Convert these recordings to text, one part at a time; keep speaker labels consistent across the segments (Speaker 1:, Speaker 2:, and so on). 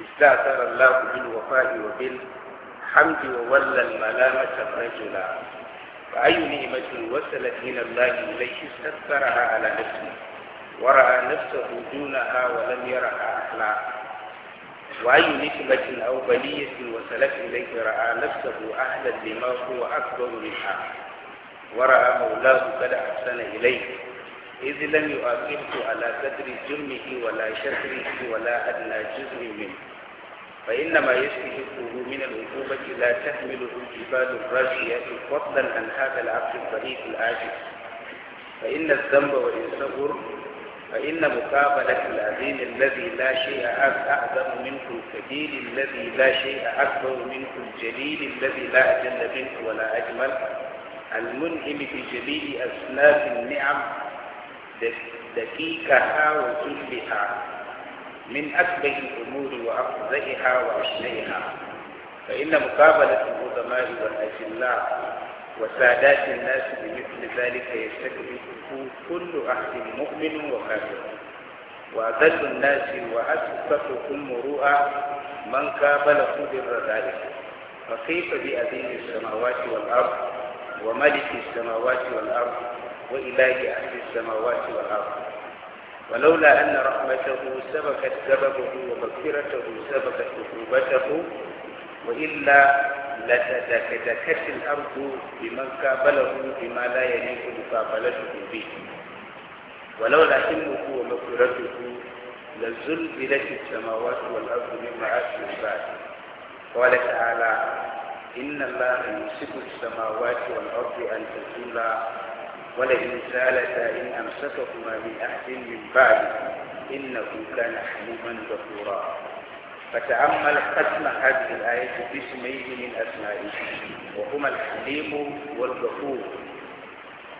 Speaker 1: استأثر الله بالوفاء وبالحمد وولى الملامة الرجل فأي نعمة وصلت من الله إليه استأثرها على نفسه ورأى نفسه دونها ولم يرها أخلاقا وأي نسبة أو بلية وصلت إليه رأى نفسه أهلا لما هو أكبر منها ورأى مولاه قد أحسن إليه إذ لم يؤاخذه على قدر جرمه ولا شكره ولا أدنى جزء منه فإنما يستحقه من العقوبة لا تحمله الجبال الراسية فضلا عن هذا العبد الضعيف العاجز فإن الذنب وإن صغر فإن مقابلة العظيم الذي لا شيء أعظم منه الكبير الذي لا شيء أكبر منه الجليل الذي لا أجل منه ولا أجمل المنعم بجليل أسلاف النعم دقيقها وجلها من أكبر الأمور وأفضلها وأشنيها فإن مقابلة العظماء والأجلاء وسادات الناس بمثل ذلك يستكبره كل أهل مؤمن وكافر وأذل الناس وأسقطهم مروءة من قابله بر ذلك فكيف بأذين السماوات والأرض وملك السماوات والأرض وإله أهل السماوات والأرض ولولا أن رحمته سبقت سببه ومغفرته سبقت عقوبته وإلا لتدكدكت الأرض بمن قابله بما لا يليق مقابلته به ولولا حلمه ومغفرته لزلزلت السماوات والأرض من معاش العباد قال تعالى إن الله يمسك السماوات والأرض أن تزولا ولئن سالتا إن أمسكهما من أحد من بعد إنه كان حليما غفورا فتأمل قسم هذه الآية باسمين من أسمائه وهما الحليم والغفور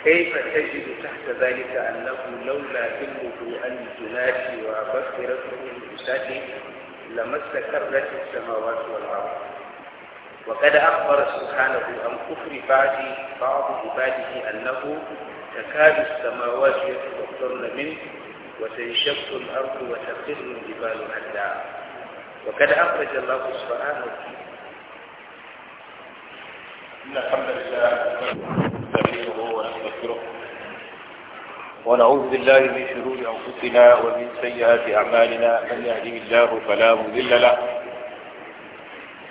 Speaker 1: كيف تجد تحت ذلك أنه لولا علمه أن تناسي وبصرته بساتي لما استقرت السماوات والأرض وقد أخبر سبحانه عن كفر بعض بعض عباده أنه تكاد السماوات يتفطرن منه وتنشق الأرض وتخر الجبال هدا وقد أخرج الله سبحانه إن الحمد لله نستعينه ونستغفره
Speaker 2: ونعوذ بالله من شرور أنفسنا ومن سيئات أعمالنا من يهده الله فلا مضل له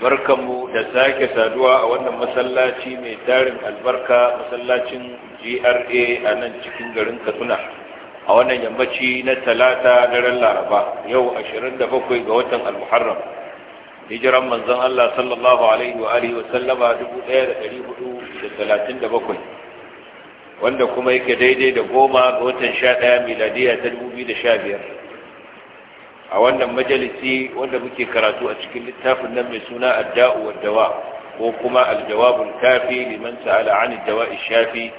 Speaker 2: barkanmu da sake saduwa a wannan masallaci mai tarin albarka masallacin gra a nan cikin garin katsina a wannan yammaci na talata daren laraba yau 27 ga watan almuharram hijiran manzon allah sallallahu alaihi wa alihi wa sallama 1437 wanda kuma yake daidai da goma ga watan 11 miladiya ta 2015 a wannan majalisi wanda muke karatu a cikin littafin nan mai suna adda'u wa dawa ko kuma aljawabul kafi liman sa'ala an dawa'i shafi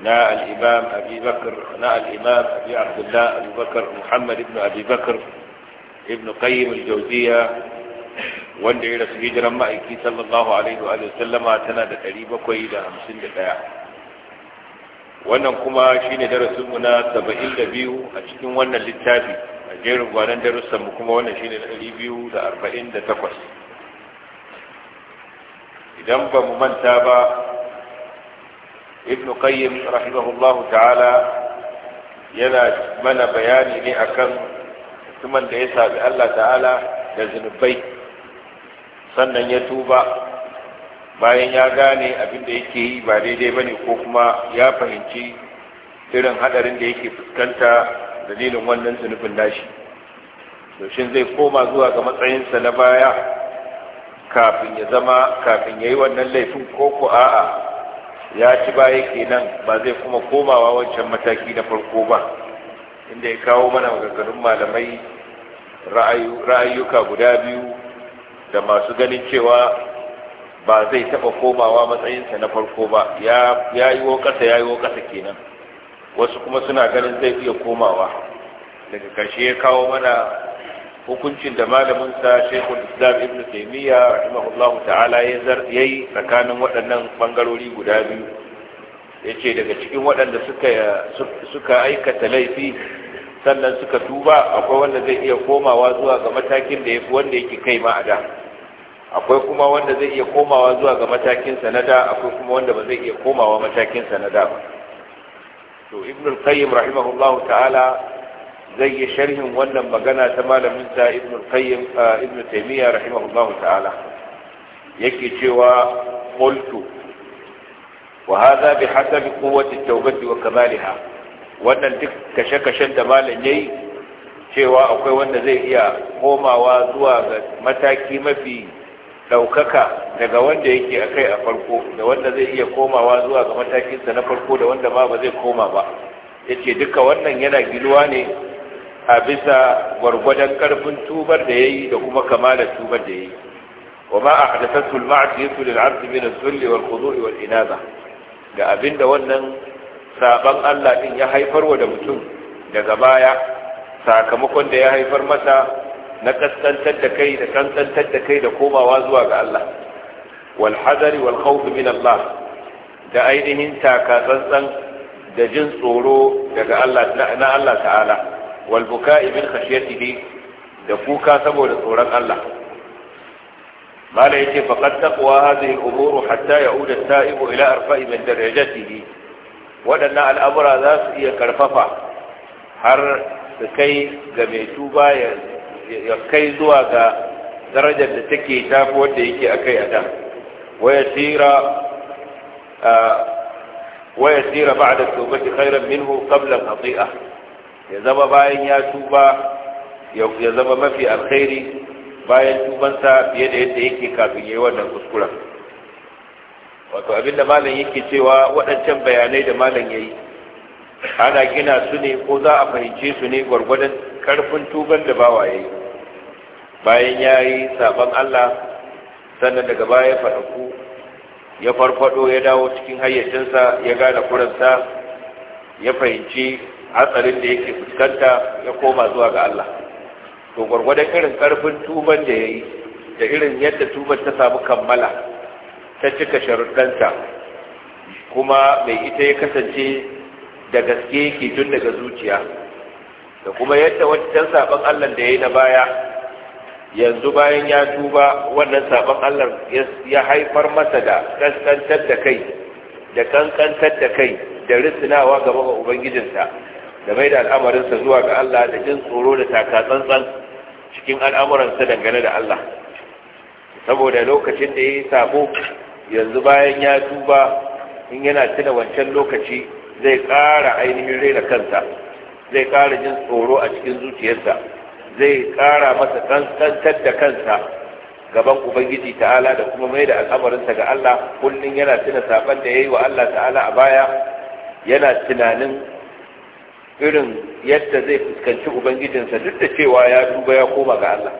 Speaker 2: na al-imam Abi Bakr na al-imam Abi Abdullah Abi Bakr Muhammad ibn Abi Bakr ibn Qayyim al-Jawziyya wanda ya rasu hijiran ma'aiki sallallahu alaihi wa sallama tana da 751 wannan kuma shine darasinmu na 72 a cikin wannan littafi jerin gwanan darussan mu kuma wannan shine na 248 idan ba mu manta ba ibnu qayyim rahimahullahu ta'ala yana mana bayani ne akan mutumin da ya sabi Allah ta'ala da zunubai sannan ya tuba bayan ya gane abin da yake yi ba daidai bane ko kuma ya fahimci irin hadarin da yake fuskanta dalilin wannan zunubin nashi to shin zai koma zuwa ga matsayinsa na baya kafin ya zama kafin ya yi wannan laifin ko ko a'a ya ci baya kenan ba zai kuma komawa wancan mataki na farko ba inda ya kawo mana maganganun malamai ra'ayyuka guda biyu da masu ganin cewa ba zai taɓa komawa matsayinsa na farko ba ya yi wo ƙasa ya yi wo ƙasa kenan wasu kuma suna ganin zai iya komawa daga ƙarshe ya kawo mana hukuncin da malaminsa shekul islam ibn taimiyya rahimahullahu ta'ala ya yi tsakanin waɗannan ɓangarori guda biyu ya ce daga cikin waɗanda suka aikata laifi sannan suka tuba akwai wanda zai iya komawa zuwa ga matakin da ya fi wanda yake kai ma a da akwai kuma wanda zai iya komawa zuwa ga matakinsa na akwai kuma wanda ba zai iya komawa matakin sanada ba to ibn al-qayyim rahimahullahu ta'ala zai yi sharhin wannan magana ta malamin sa ibn al-qayyim ibn taymiya rahimahullahu ta'ala yake cewa qultu wa hadha bi hasabi quwwati at wa kamaliha wannan duk kashe-kashen da malam yayi cewa akwai wanda zai iya komawa zuwa ga mataki mafi Daukaka, daga wanda yake a kai a farko da wanda zai iya komawa zuwa ga matakinsa na farko da wanda ma ba zai koma ba ya ce duka wannan yana giluwa ne a bisa gwargwadon karfin tubar da ya yi da kuma kamalar tubar da ya yi wa ma a hadasassul ma'asiyatu lil abdi min sulli wal khudu'i wal inaba da abinda wannan saban Allah din ya haifarwa da mutum daga baya sakamakon da ya haifar masa na kaskantar da kai da da kai da komawa zuwa ga Allah wal hadari wal khawf min Allah da ainihin taka tsantsan da jin tsoro daga Allah na Allah ta'ala wal buka'i min khashyatihi da kuka saboda tsoron Allah mala yace faqad taqwa hadhihi al umur hatta ya'ud at-ta'ib ila arfa'i min darajatihi wadannan al'amura za su iya karfafa har su kai ga mai tuba ya ya kai zuwa ga darajar da take tafi wanda yake akai a da waya tsira waya sira ba'da tawbati khairan minhu qabla khati'a ya zama bayan ya tuba ya zama mafi alkhairi bayan tubansa fiye da yadda yake kafin yi wannan kuskuren wato abinda malam yake cewa waɗancan bayanai da malam yayi ana gina su ne ko za a fahimce su ne gwargwadon karfin tuban da ba waye, bayan yayi saban Allah sannan daga baya fadaku ya farfado ya dawo cikin hayyacinsa ya gane kuransa ya fahimci hatsarin da yake fuskanta ya koma zuwa ga Allah to gwargwadon irin karfin tuban da yayi da irin yadda tuban ta samu kammala ta cika sharuɗanta kuma mai ita ya kasance da gaske yake tun daga zuciya da kuma yadda wancan sabon Allah da ya yi na baya yanzu bayan ya tuba wannan sabon Allah ya haifar masa da kankantar da kai da kankantar da kai da risinawa gaba ga ubangijinsa da mai da al'amarinsa zuwa ga Allah da jin tsoro da takatsantsan cikin al'amuransa dangane da Allah saboda lokacin da ya yi sabo yanzu bayan ya tuba in yana tuna wancan lokaci zai ƙara ainihin rai da kansa zai kara jin tsoro a cikin zuciyarsa zai ƙara masa kankantar da kansa gaban ubangiji ta'ala da kuma mai da al'amarinsa ga Allah kullum yana tuna saban da ya yi wa Allah ta'ala a baya yana tunanin irin yadda zai fuskanci ubangijinsa duk da cewa ya duba ya koma ga Allah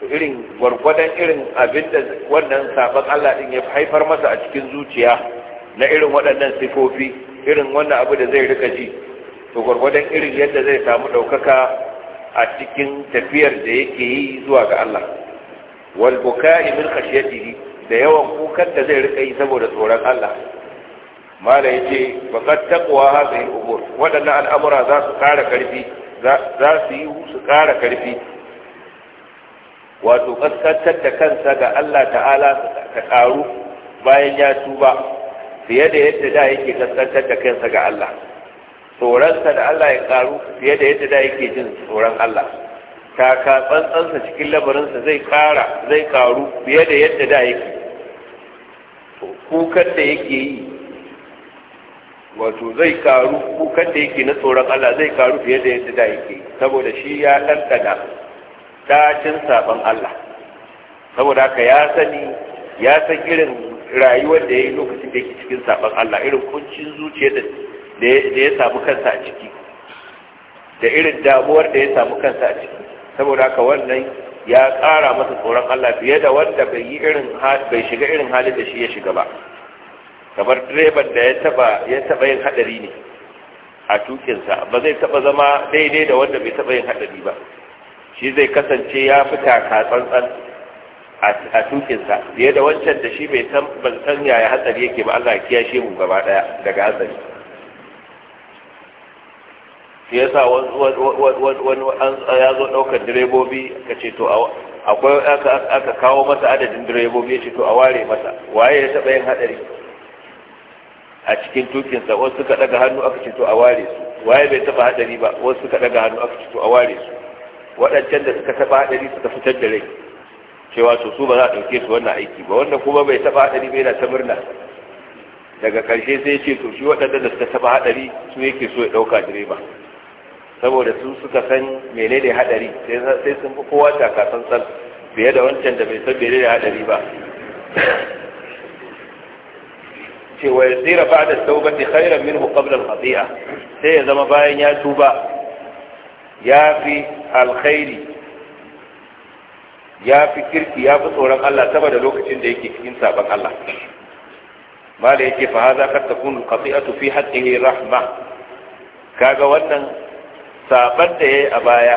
Speaker 2: to irin gwargwadon irin abin da wannan sabon Allah din ya haifar masa a cikin zuciya na irin waɗannan sifofi irin wannan abu da zai rika ji to gwargwadon irin yadda zai samu ɗaukaka a cikin tafiyar da yake yi zuwa ga Allah wal buka'i min da yawan kukan da zai rika yi saboda tsoron Allah mala yace faqad taqwa hadhihi al-umur al'amura za su ƙara karfi za su yi su ƙara karfi wato kaskantar da kansa ga Allah ta'ala ka ƙaru bayan ya tuba fiye da yadda da yake kaskantar da kansa ga Allah tsoronsa da Allah ya karu fiye da yadda da yake jin tsoron Allah taka tsantsansa cikin labarinsa zai kara zai karu fiye da yadda da yake kukan da yake yi wato zai karu kukan da yake na tsoron Allah zai karu fiye da yadda da yake saboda shi ya ɗanɗana dacin saban Allah saboda haka ya sani ya san irin rayuwar da ya yi lokacin da yake cikin saban Allah irin kuncin zuciya da da ya samu kansa a ciki da irin damuwar da ya samu kansa a ciki saboda haka wannan ya kara masa tsoron Allah fiye da wanda bai yi irin bai shiga irin halin da shi ya shiga ba kamar direban da ya taba ya taba yin hadari ne a tukinsa ba zai taba zama daidai da wanda bai taba yin hadari ba shi zai kasance ya fita ka tsantsan a tukinsa fiye da wancan da shi bai san ban san yaya hatsari yake ba Allah ya kiyashe mu gaba daya daga hatsari shi yasa wani ya zo ɗaukar direbobi ka ce to akwai aka kawo masa adadin direbobi ya ce to a ware masa waye ya taɓa yin haɗari a cikin tukinsa wasu suka ɗaga hannu aka ce to a ware su waye bai taɓa haɗari ba wasu suka ɗaga hannu aka ce to a ware su waɗancan da suka taɓa haɗari suka fitar da rai cewa to su ba za a ɗauke su wannan aiki ba wanda kuma bai taɓa haɗari bai na ta murna daga ƙarshe sai ya ce to shi waɗanda da suka taɓa haɗari su yake so ya ɗauka direba saboda su suka san menene hadari sai sun fi kowa takasan san fiye da wancan da bai san menene hadari ba ce wa yasira ba'da tawbati khairan minhu qabla al-khati'a sai ya zama bayan ya tuba ya fi alkhairi ya fi kirki ya fi tsoron Allah saboda lokacin da yake cikin sabon Allah mala yake fa hadha qad takunu al-khati'atu fi haqqihi rahma kaga wannan saban da ya yi a baya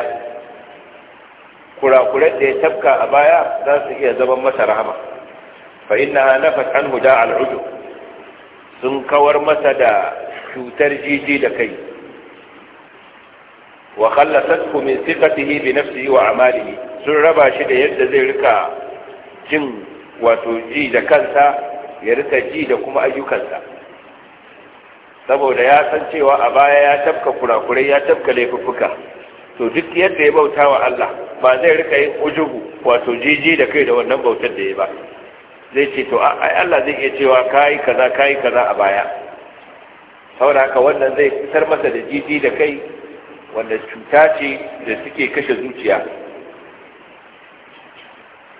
Speaker 2: kurakuran da ya tafka a baya za su iya zama masa rahama fa inna nafat an huda al'udu sun kawar masa da cutar jiji da kai wa khallasatku min sifatihi bi nafsihi wa amalihi sun raba shi da yadda zai rika jin wato ji da kansa ya rika ji da kuma ayyukansa saboda ya san cewa a baya ya tafka kurakurai ya tafka laifuka, to duk yadda ya bauta wa Allah ba zai rika yin ujubu wato jiji da kai da wannan bautar da ya ba zai ce to ai Allah zai iya cewa kai kaza kai kaza a baya saboda haka wannan zai fitar masa da jiji da kai wanda cuta ce da suke kashe zuciya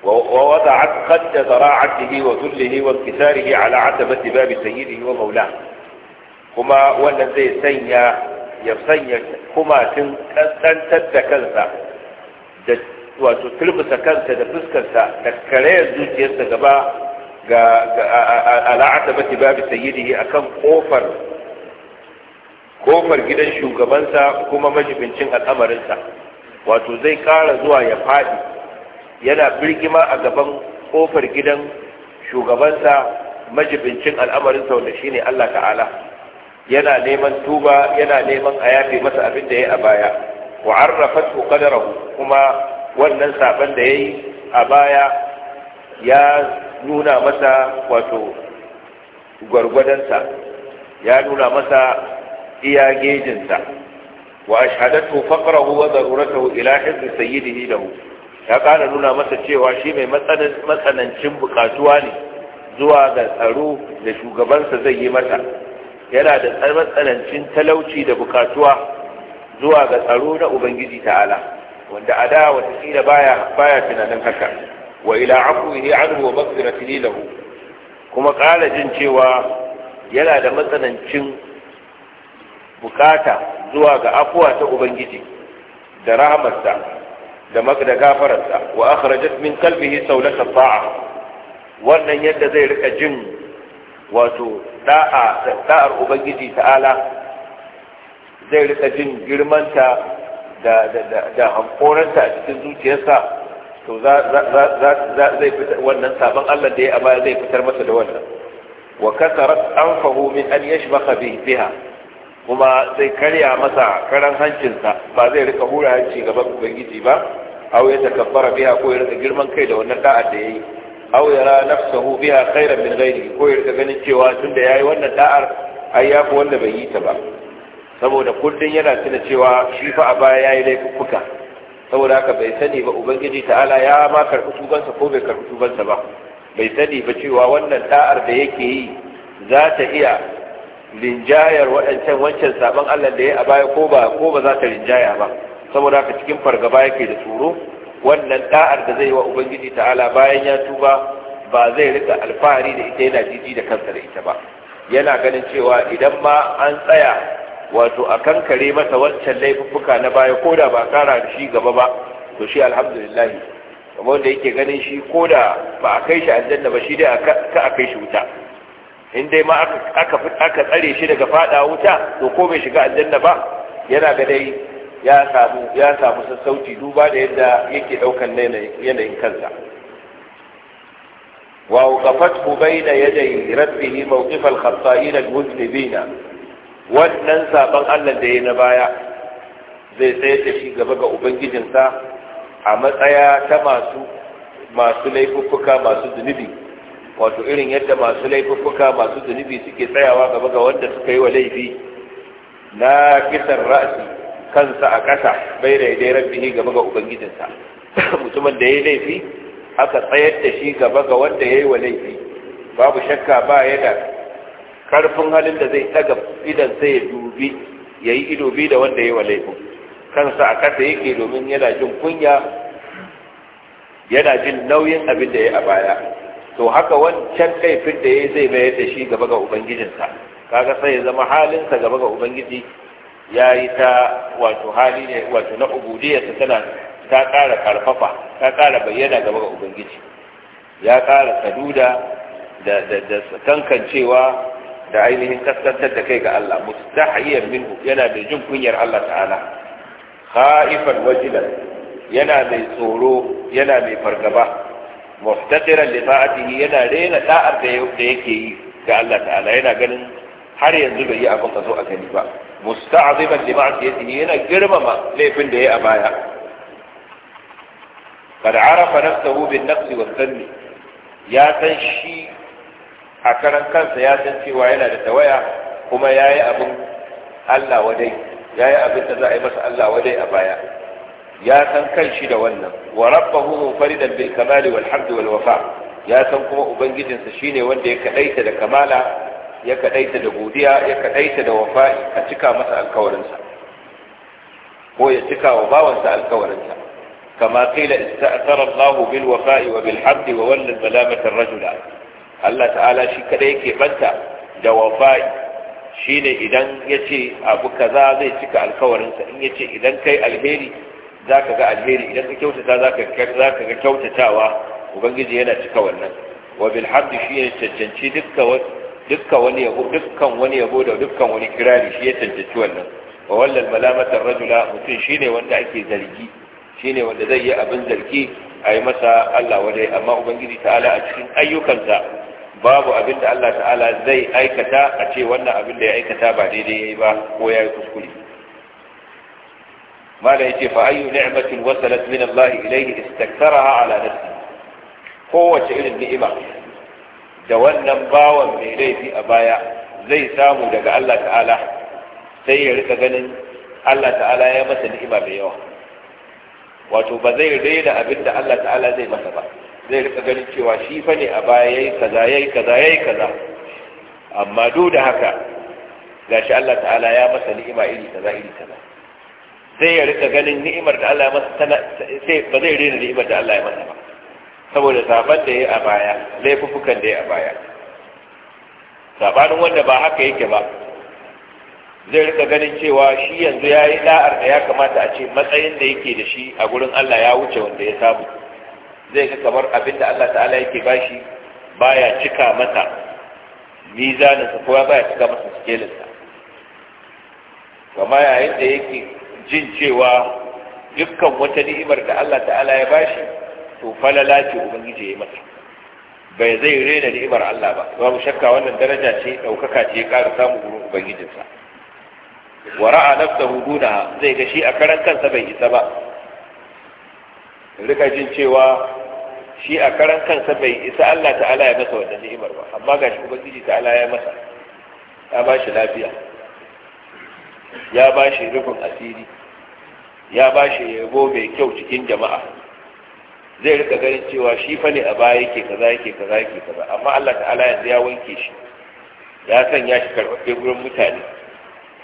Speaker 2: ووضعت قد ذراعته وذله وانكساره على عتبة باب سيده ومولاه kuma wannan zai sanya ya sanya kumatin kaskantar da kansa da wato turbisa kansa da fuskarsa da karayar zuciyarsa gaba ga ala'ata bati babu sayyidihi a kan kofar gidan shugabansa kuma majibincin al'amarinsa wato zai kara zuwa ya faɗi yana birgima a gaban kofar gidan shugabansa majibincin al'amarinsa wanda shine Allah ta'ala yana neman tuba yana neman a yafe masa abin da ya a baya wa arrafatu qadarahu kuma wannan saban da yayi a baya ya nuna masa wato gwargwadonsa ya nuna masa iya gejinsa wa ashhadatu faqrahu wa daruratahu ila hizbi sayyidihi lahu ya kana nuna masa cewa shi mai matsanancin bukatuwa ne zuwa ga tsaro da shugabansa zai yi mata yana da matsanancin talauci da bukatuwa zuwa ga tsaro na ubangiji ta'ala wanda a da watakila baya baya tunanin haka wa ila afuwihi anhu wa maghfiratihi lahu kuma ƙara jin cewa yana da matsanancin bukata zuwa ga afuwa ta ubangiji da rahamarsa da da gafararsa wa akhrajat min qalbihi sawlata ta'a wannan yadda zai rika jin wato da'ar ubangiji ta'ala zai rika jin girmanta da hankoranta a cikin zuciyarsa to zai fitar wannan sabon allah da ya baya zai fitar masa da wannan wa an anfahu min an maka biha kuma zai karya masa karan hancinsa ba zai rika hura hanci gaban ubangiji ba aw ya takabbara biya ko ya rika girman kai da wannan da'ar da yayi aw yara nafsahu biha khairan min ghayrihi ko yarda ganin cewa tunda yayi wannan da'ar ai ya fi wanda bai yi ta ba saboda kullun yana tuna cewa shi fa a baya yayi laifuka saboda haka bai sani ba ubangiji ta'ala ya ma karɓi tubansa ko bai karɓi tubansa ba bai sani ba cewa wannan da'ar da yake yi za ta iya linjayar waɗancan wancan sabon Allah da ya a baya ko ba ko ba za ta linjaya ba saboda haka cikin fargaba yake da tsoro wannan da'ar da zai wa ubangiji ta'ala bayan ya tuba ba zai rika alfahari da ita yana jiji da kansa da ita ba yana ganin cewa idan ma an tsaya wato a kankare masa wancan laifuffuka na baya ko da ba kara da shi gaba ba to shi alhamdulillah kamar wanda yake ganin shi ko da ba a kai shi aljanna ba shi dai ka a kai shi wuta in dai ma aka tsare shi daga fada wuta to ko bai shiga aljanna ba yana ga dai ya samu ya samu sassauci duba da yadda yake daukan yanayin kansa wa waqafathu bayna yaday rabbih mawqif al-khata'in al-mudhnibin wannan saban Allah da yayi na baya zai tsaye da shi gaba ga ubangijinsa a matsaya ta masu masu laifuffuka masu zunubi wato irin yadda masu laifuffuka masu zunubi suke tsayawa gaba ga wanda suka yi wa laifi na kisan ra'asi kansa a ƙasa bai daidai rabbihi gaba ga ubangijinsa mutumin da ya yi laifi aka tsayar da shi gaba ga wanda ya yi wa laifi babu shakka ba ya da karfin halin da zai ɗaga idan sai ya dubi ya yi ido bi da wanda ya yi wa laifin kansa a ƙasa yake domin yana jin kunya yana jin nauyin abin da ya yi a baya to haka wancan laifin da ya zai mayar da shi gaba ga ubangijinsa kaga sai ya zama halinsa gaba ga ubangiji ya yi ta wato hali ne wato na ubudiyarsa tana ta ƙara karfafa ta ƙara bayyana gaba ga ubangiji ya ƙara saduda da da da kankancewa da ainihin kaskantar da kai ga Allah mustahiyar minhu yana da jin kunyar Allah ta'ala khaifan wajilan yana mai tsoro yana mai fargaba muftatiran li ta'atihi yana rena da'ar da yake yi ga Allah ta'ala yana ganin har yanzu bai yi abin a zo a gani ba musta'aziman li ma'siyatihi yana girmama laifin da yayi a baya kad arafa nafsahu bin nafsi wa ya san shi a karan kansa ya san cewa yana da tawaya kuma yayi abin Allah wadai yayi abin da za a yi masa Allah wadai a baya ya san shi da wannan wa rabbahu munfaridan bil kamali wal hamd wal wafa ya san kuma ubangijinsa shine wanda ya kadaita da kamala ya kadaita da godiya ya kadaita da wafa'i a cika masa alkawarinsa ko ya cika wa bawansa alkawarinsa kama qila ista'thara Allah bil wafa'i wa bil hamdi wa walla zalamata ar-rajula Allah ta'ala shi kadai yake banta da wafa'i shine idan yace abu kaza zai cika alkawarinsa in yace idan kai alheri zaka ga alheri idan ka kyautata zaka zaka ga kyautatawa ubangiji yana cika wannan wa bil hamdi shi ne cancanci dukkan dukkan wani yabo dukkan wani yabo da dukkan wani kirari shi ya tantance wannan wa wallal malamatar rajula mutum shine wanda ake zargi shine wanda zai yi abin zargi a yi masa Allah wadai amma ubangiji ta'ala a cikin ayyukansa babu abin da Allah ta'ala zai aikata a ce wannan abin da ya aikata ba daidai yayi ba ko ya yi kuskure mala yace fa ayyu ni'matin wasalat min Allah ilayhi istaktharaha ala nafsi kowace irin ni'ima da wannan bawan mai laifi a baya zai samu daga Allah ta'ala sai ya rika ganin Allah ta'ala ya masa ni'ima mai yawa wato ba zai raina abin da Allah ta'ala zai masa ba zai rika ganin cewa shi fa ne a baya yayi kaza yayi kaza yayi kaza amma duk da haka gashi Allah ta'ala ya masa ni'ima iri kaza iri kaza sai ya rika ganin ni'imar da Allah ya masa sai ba zai raina ni'imar da Allah ya masa ba saboda zaben da ya a baya laifukan da ya a baya sabanin wanda ba haka yake ba zai rika ganin cewa shi yanzu ya yi da'ar da ya kamata a ce matsayin da yake da shi a gurin Allah ya wuce wanda ya samu zai ga kamar abin da Allah ta'ala yake bashi baya cika mata mizaninsa ba baya cika masa sikelinsa kama yayin da yake jin cewa dukkan wata ni'imar da Allah ta'ala ya bashi to falala ce ubangiji ya yi masa bai zai rena ni'imar Allah ba babu shakka wannan daraja ce ɗaukaka ce ya ƙara samu gurin ubangijinsa wa ra'a nafsahu Huduna zai ga shi a karan kansa bai isa ba rika jin cewa shi a karan kansa bai isa Allah ta'ala ya masa wannan ni'imar ba amma ga shi ubangiji ta'ala ya masa ya ba shi lafiya ya ba shi rufin asiri ya ba shi yabo mai kyau cikin jama'a zai rika ganin cewa shi fa ne a baya yake kaza yake kaza yake kaza amma Allah ta'ala yanzu ya wanke shi ya sanya shi karɓaɓɓe gurin mutane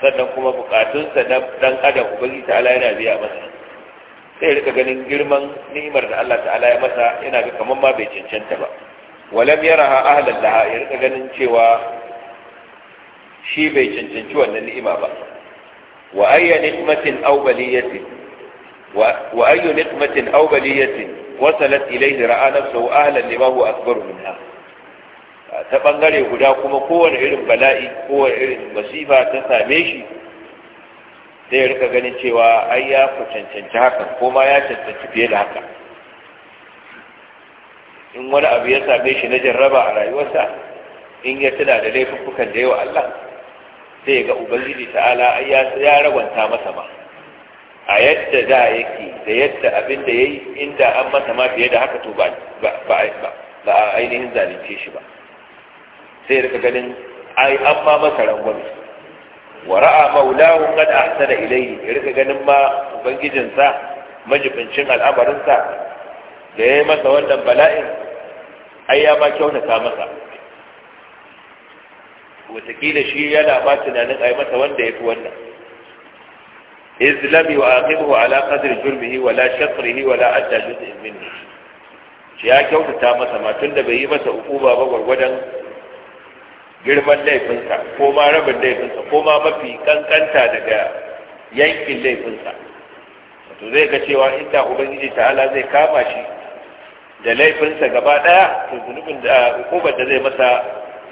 Speaker 2: sannan kuma bukatunsa na ɗan adam ubangi ta'ala yana biya masa sai rika ganin girman ni'imar da Allah ta'ala ya masa yana ga kamar ma bai cancanta ba walam ha ahlan laha ya rika ganin cewa shi bai cancanci wannan ni'ima ba wa ayya ni'matin aw baliyatin wa ayyu ni'matin aw baliyatin wasalat ilaihi ra'a nafsahu ahlan lima huwa minha ta bangare guda kuma kowane irin bala'i kowane irin masifa ta same shi sai ya rika ganin cewa ai ya cancanci hakan ko ma ya cancanci fiye da haka in wani abu ya same shi na jarraba a rayuwarsa in ya tuna da laifukan da yawa Allah sai ga ubangiji ta'ala ai ya ragwanta masa ba a yadda da yake da yadda abin da ya yi inda an masa ma fiye da haka to ba a ainihin zalunce shi ba sai rika ganin ai an ma masa rangwame wa ra'a maulahu qad ahsana ilayhi ya rika ganin ma ubangijinsa majibincin al'amarinsa da ya yi masa wannan bala'in ai ya ma kyaunata masa wataƙila shi yana ba tunanin a yi masa wanda ya fi wannan إذ لم يعاقبه على قدر جرمه ولا شقره ولا أدى جزء منه ya kyautata masa ma tunda bai yi masa hukuma ba gwargwadon girman laifinsa ko ma rabin laifinsa ko ma mafi kankanta daga yankin laifinsa to zai ga cewa inda ubangiji ta'ala zai kama shi da laifinsa gaba daya to zunubin da hukumar da zai masa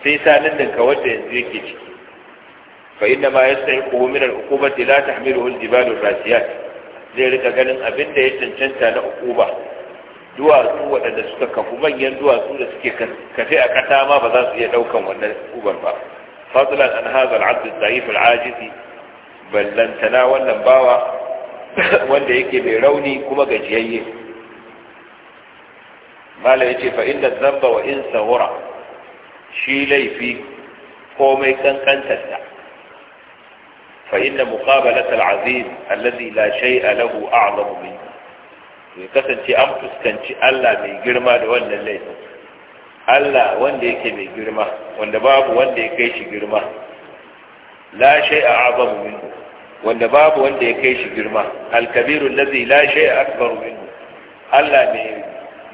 Speaker 2: sai sanin dinka wanda yanzu yake ciki fa inna ma yastahiquhu min al-uqubati la tahmiluhu al-jibal ar-rasiyat zai rika ganin abin da ya cancanta na uquba duwatsu waɗanda suka kafu manyan duwatsu da suke kafi a ƙasa ma ba za su iya ɗaukan wannan ubar ba fadlan an hazal abd dhaif al-ajiz ballantana wannan bawa wanda yake bai rauni kuma gajiyayye mala yace fa inna dhanba wa in sawara shi laifi komai kankantarsa فإن مقابلة العزيز الذي لا شيء له أعظم منه kasance an fuskanci Allah mai da wannan laifin Allah wanda yake mai girma wanda babu wanda ya kai shi girma la shay'a a'zamu wanda babu wanda ya kai shi girma al-kabiru allazi la shay'a Allah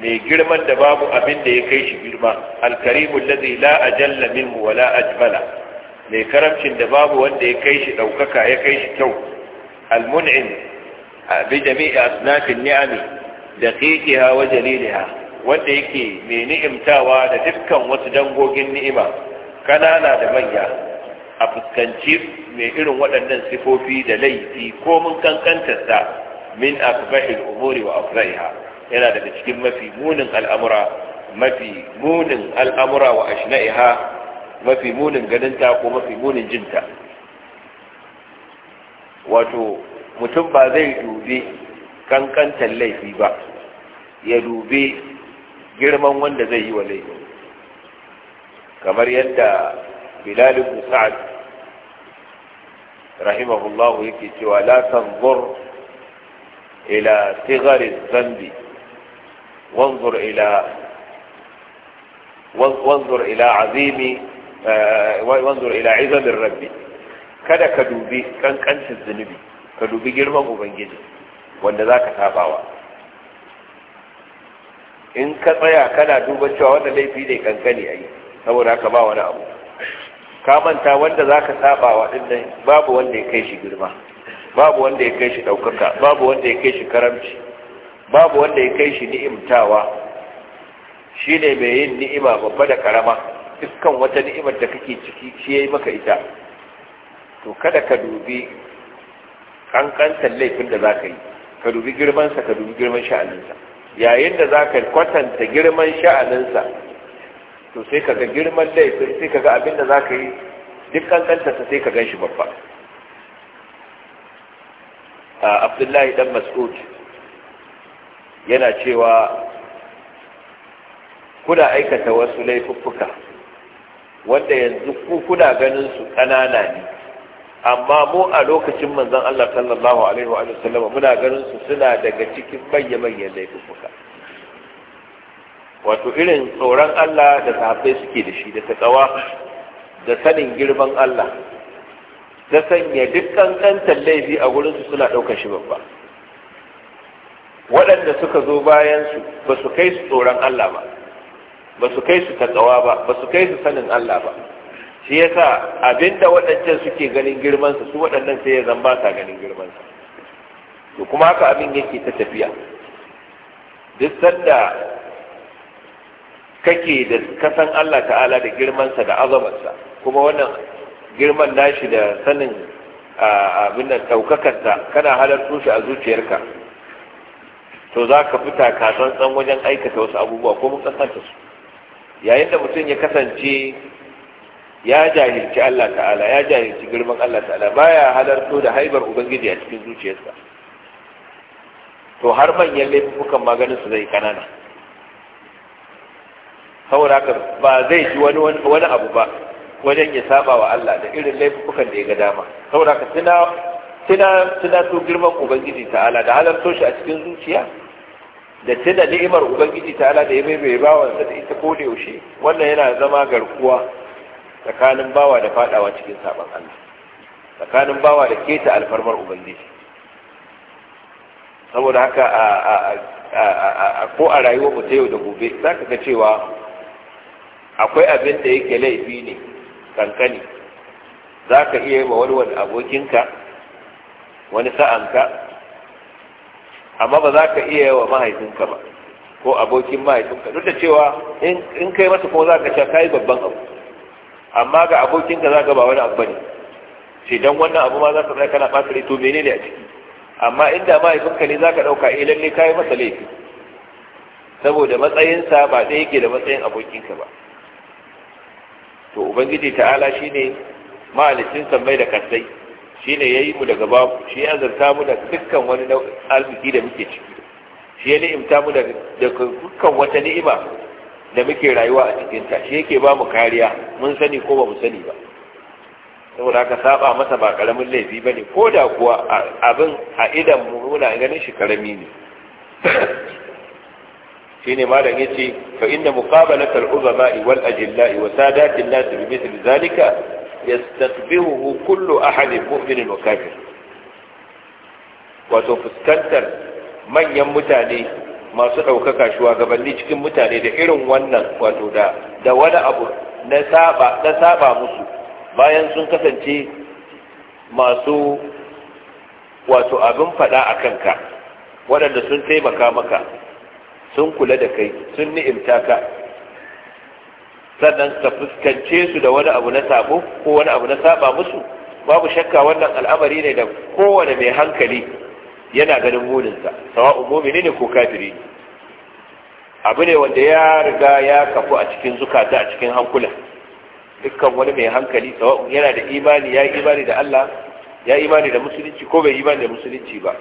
Speaker 2: mai girman da babu abinda ya kai shi girma al la ajalla wa ajbala mai karamcin da babu wanda ya kai shi ɗaukaka ya kai shi kyau almun'in bi jami'i asnafin ni'ami da qiqiha wa jaliliha wanda yake mai ni'imtawa da dukkan wasu dangogin ni'ima kanana da manya a fuskanci mai irin waɗannan sifofi da laifi ko mun kankantarsa min akbahil umuri wa afraiha yana daga cikin mafi munin al'amura mafi munin al'amura wa ashna'iha mafi munin ganinta ko mafi munin jinta wato mutum ba zai dube kankantar laifi ba ya dube girman wanda zai yi wa laifin kamar yadda bilal bilalin sa'ad rahimahullah yake cewa la tanzur ila sigari zambi wanzur ila wanzur ila azimi Eh, wanzur ila izamin rabbi kada ka dubi kankancin zunubi ka dubi girman ubangiji wanda za ka tabawa in ka tsaya kana duba cewa wanda laifi ne kankani a yi saboda haka ba wani abu Ka manta wanda za ka sabawa ɗin babu wanda ya kai shi girma babu wanda ya kai shi ɗaukaka babu wanda ya kai shi karamci babu wanda ya kai shi ni'imtawa shi ne mai yin ni'ima babba da karama dukkan wata ni'imar da kake ciki shi yayi maka ita to kada ka dubi kankantar laifin da za ka yi ka dubi girmansa ka dubi girman sha'aninsa yayin da za ka kwatanta girman sha'aninsa to sai ka ga girman laifin sai ka ga abin da za ka yi duk kankantarsa sai ka gan shi babba abdullahi dan mas'ud yana cewa kuna aikata wasu laifuffuka wanda yanzu ku kuna ganin su kanana ne amma mu a lokacin manzon Allah sallallahu alaihi wa sallam muna ganin su suna daga cikin manya manya laifuka wato irin tsoron Allah da sahabbai suke da shi da tsawa da sanin girman Allah ta sanya dukkan kantan laifi a wurinsu suna ɗauka shi babba waɗanda suka zo bayansu ba su kai su tsoron Allah ba ba su kai su takawa ba ba su kai su sanin Allah ba shi yasa abinda waɗancan suke ganin girman su waɗannan sai ya zamba sa ganin girman su to kuma haka abin yake ta tafiya duk sanda kake da kasan Allah ta'ala da girman sa da azamar sa kuma wannan girman nashi da sanin abin nan daukakar sa kana halarto shi a zuciyarka to za ka fita ka tsantsan wajen aikata wasu abubuwa ko mun kasance su yayin da mutum ya kasance ya jahilci Allah ta'ala ya jahilci girman Allah ta'ala baya halarto da haibar ubangiji a cikin zuciyarsa to har manyan laifukan maganin su zai kanana saboda haka ba zai ji wani wani abu ba wajen ya saba wa Allah da irin laifukan da ya ga dama saboda haka tuna tuna tuna to girman ubangiji ta'ala da halarto shi a cikin zuciya da da ni'imar ubangiji ta ala da ya mai bawansa da ita ko da yaushe wannan yana zama garkuwa tsakanin bawa da fadawa cikin saban Allah tsakanin bawa da keta alfarmar ubangiji saboda haka a ko a rayuwar mu ta yau da gobe za ka ga cewa akwai abin da yake laifi ne kankani za ka iya yi wa wani wani abokinka wani sa'anka amma ba za ka iya yawa mahaifinka ba ko abokin mahaifinka duk da cewa in kai masa kuma za ka sha kayi babban abu amma ga abokinka za ka ba wani abu bane sai dan wannan abu ma za ka zai kana ɓata rai to ne a ciki amma inda mahaifinka ne za ka ɗauka eh lalle kayi masa laifi saboda matsayinsa ba ɗaya yake da matsayin abokinka ba to ubangiji ta'ala shine mahalicin mai da kasai shi ne ya yi mu daga babu shi ya zarta mu da dukkan wani arziki da muke ciki shi ya ni'imta mu da dukkan wata ni'ima da muke rayuwa a cikinta shi yake ba mu kariya mun sani ko ba mu sani ba saboda haka saba masa ba karamin laifi ba ne ko da kuwa abin a idan mu muna ganin shi karami ne shi ne malam ya ce fa inda muqabalatul uzama'i wal ajilla'i wa sadatin nas bi mithli zalika yastaqbihu kullu ahadin mu'minin wa kafir wato fuskantar manyan mutane masu ɗaukaka gabanni cikin mutane da irin wannan wato da da wani abu na saba na saba musu bayan sun kasance masu wato abin faɗa a kanka waɗanda sun taimaka maka sun kula da kai sun ni'imta ka sannan ka fuskance su da wani abu na sabo ko wani abu na saba musu babu shakka wannan al'amari ne da kowane mai hankali yana ganin muninsa sawa'un mumini ne ko kafiri ne abu ne wanda ya riga ya kafu a cikin zukata a cikin hankula dukkan wani mai hankali sawa'un yana da imani ya imani da Allah ya imani da musulunci ko bai imani da musulunci ba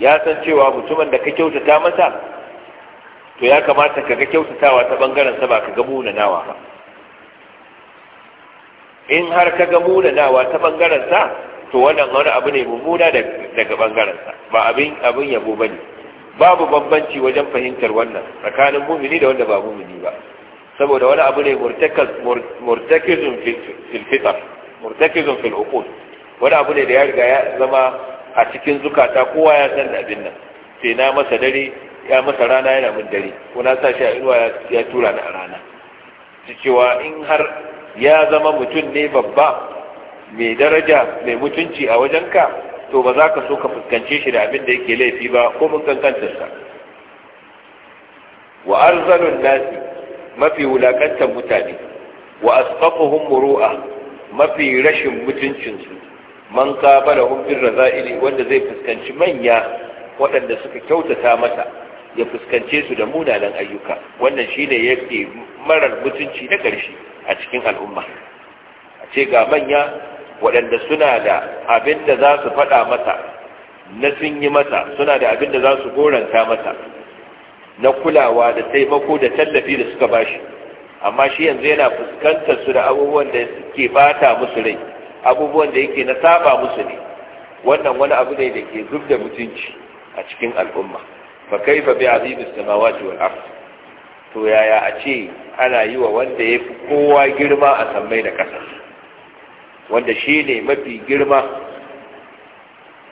Speaker 2: ya san cewa mutumin da ka kyautata masa to ya kamata ka ga kyautatawa ta bangaren sa ba ka ga munanawa ba in har ka ga munanawa ta bangaren sa to wannan wani abu ne mummuna daga bangaren ba abin abin yabo bane babu bambanci wajen fahimtar wannan tsakanin mumini da wanda ba mumini ba saboda wani abu ne murtakizun fil fitar murtakizun fil uqul wani abu ne da ya riga ya zama a cikin zukata kowa ya san abin nan sai na masa dare ya masa rana yana mun dare ko na sa shi a inuwa ya tura ni a rana cewa in har ya zama mutum ne babba mai daraja mai mutunci a wajenka to ba za ka so ka fuskance shi da abin da yake laifi ba ko mun kankantarsa wa arzalun nasi mafi wulakantar mutane wa asqafuhum muru'a mafi rashin mutuncinsu man qabala da bir raza'ili wanda zai fuskanci manya waɗanda suka kyautata masa. ya fuskance su da munanan ayyuka wannan shine yake marar mutunci na ƙarshe a cikin al'umma a ce ga manya waɗanda suna da abin da za su faɗa masa na sun yi masa suna da abin da za su goranta mata na kulawa da taimako da tallafi da suka bashi amma shi yanzu yana fuskantar su da abubuwan da suke bata musu rai abubuwan da yake na saba musu ne wannan wani abu ne da ke zub da mutunci a cikin al'umma fa kaifa bi azimi samawati wal ard to yaya a ce ana yi wa wanda ya fi kowa girma a sammai da ƙasa wanda shi ne mafi girma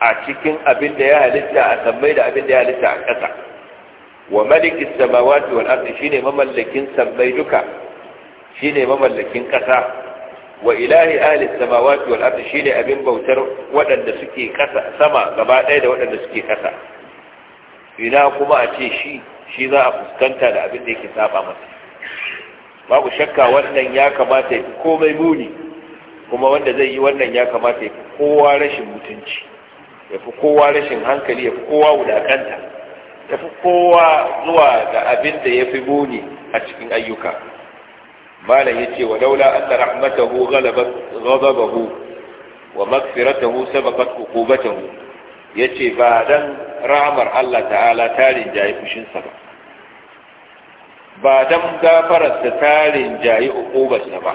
Speaker 2: a cikin abin da ya halitta a sammai da abin da ya halitta a ƙasa wa malikin samawati wal ardi shine mamallakin sammai duka shine mamallakin ƙasa wa ilahi ahli samawati wal ardi shine abin bautar waɗanda suke ƙasa sama gaba ɗaya da waɗanda suke ƙasa ina kuma a ce shi shi za a fuskanta da abin da yake saba masa babu shakka wannan ya kamata ya fi komai muni kuma wanda zai yi wannan ya kamata ya fi kowa rashin mutunci ya fi kowa rashin hankali ya fi kowa wudakanta ya fi kowa zuwa ga abin da ya fi muni a cikin ayyuka malam ya ce wa an da rahmatahu ghalabat ghadabahu wa maghfiratahu sabaqat uqubatahu ya ce ba don rahamar Allah ta'ala tarin jayi fushinsa ba ba don gafararsa tarin jayi ukubarsa ba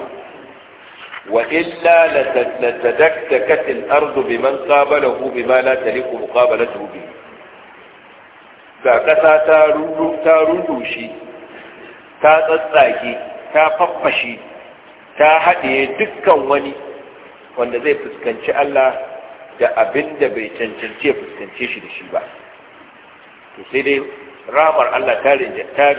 Speaker 2: wa illa latadakkata al-ardu biman qabalahu bima la taliqu muqabalatuhu bi ga kasa ta rundu ta rundu shi ta tsatsage ta faffashi ta haɗe dukkan wani wanda zai fuskanci Allah da abin da bai cancanci ya fuskance shi da shi ba to sai dai ramar Allah ta rinjaye sa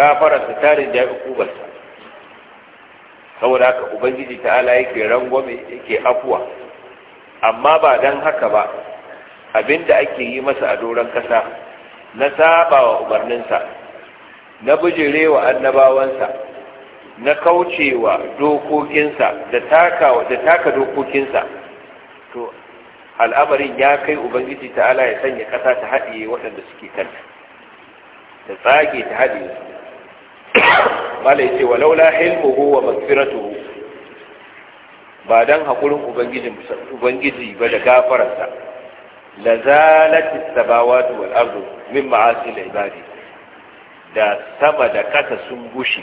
Speaker 2: gafararsa ta rinjaye ukubarsa saboda haka ubangiji ta'ala yake rangwame yake afuwa amma ba don haka ba abinda ake yi masa a doron kasa na saba wa umarninsa na bijirewa annabawansa na kaucewa dokokinsa da taka dokokinsa to al'amarin ya kai ubangiji ta Ala ya sanya ƙasa ta haɗiye waɗanda suke kan, ta tsage ta haɗiye su mala laula walaula hilmuhu wa magfiratuhu ba dan hakurin ubangiji ubangiji ba da gafararsa la zalati as wal ardu min ma'asi ibadi da sama da ƙasa sun bushe